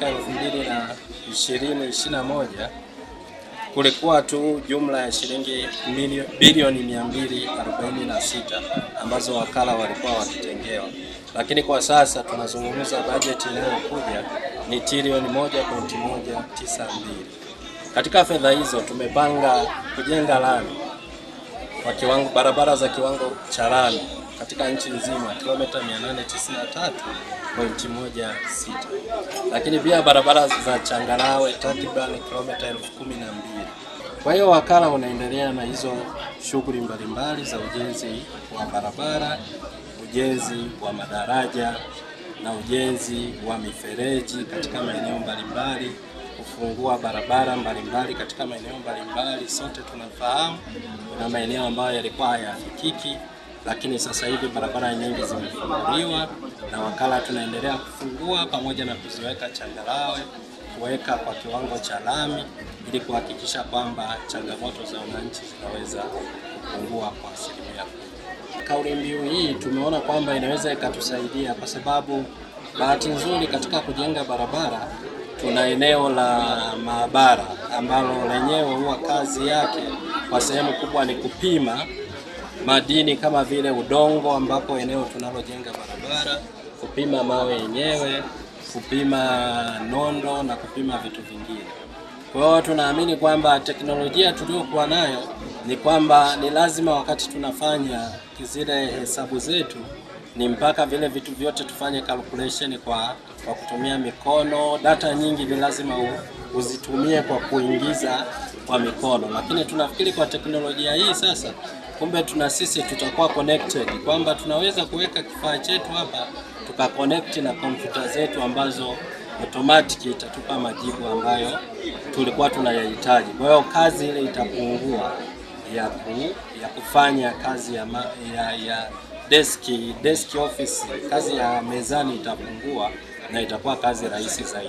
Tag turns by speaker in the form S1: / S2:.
S1: mwaka elfu mbili na ishirini ishirini na moja kulikuwa tu jumla ya shilingi bilioni mia mbili arobaini na sita ambazo wakala walikuwa wakitengewa, lakini kwa sasa tunazungumza bajeti inayokuja ni trilioni moja pointi moja tisa mbili. Katika fedha hizo tumepanga kujenga lami kwa kiwango barabara za kiwango cha lami katika nchi nzima kilomita 893.16, lakini pia barabara za changarawe takriban kilomita 12,000. Kwa hiyo wakala unaendelea na hizo shughuli mbalimbali za ujenzi wa barabara, ujenzi wa madaraja na ujenzi wa mifereji katika maeneo mbalimbali, kufungua barabara mbalimbali katika maeneo mbalimbali. Sote tunafahamu kuna maeneo ambayo yalikuwa hayafikiki lakini sasa hivi barabara nyingi zimefunguliwa na wakala tunaendelea kufungua pamoja na kuziweka changarawe, kuweka kwa kiwango cha lami ili kuhakikisha kwamba changamoto za wananchi zinaweza kupungua kwa asilimia. Kauli mbiu hii tumeona kwamba inaweza ikatusaidia kwa sababu bahati nzuri katika kujenga barabara tuna eneo la maabara ambalo lenyewe huwa kazi yake kwa sehemu kubwa ni kupima madini kama vile udongo, ambapo eneo tunalojenga barabara, kupima mawe yenyewe, kupima nondo na kupima vitu vingine. Kwa hiyo tunaamini kwamba teknolojia tuliyokuwa nayo ni kwamba ni lazima wakati tunafanya zile hesabu zetu ni mpaka vile vitu vyote tufanye calculation kwa, kwa kutumia mikono. Data nyingi ni lazima uzitumie kwa kuingiza kwa mikono, lakini tunafikiri kwa teknolojia hii sasa, kumbe tuna sisi tutakuwa connected kwamba tunaweza kuweka kifaa chetu hapa tuka connect na kompyuta zetu ambazo automatic itatupa majibu ambayo tulikuwa tunayahitaji. Kwa hiyo kazi ile itapungua ya, ku, ya kufanya kazi ya, ma, ya, ya deski deski office, kazi ya mezani itapungua na itakuwa kazi rahisi zaidi.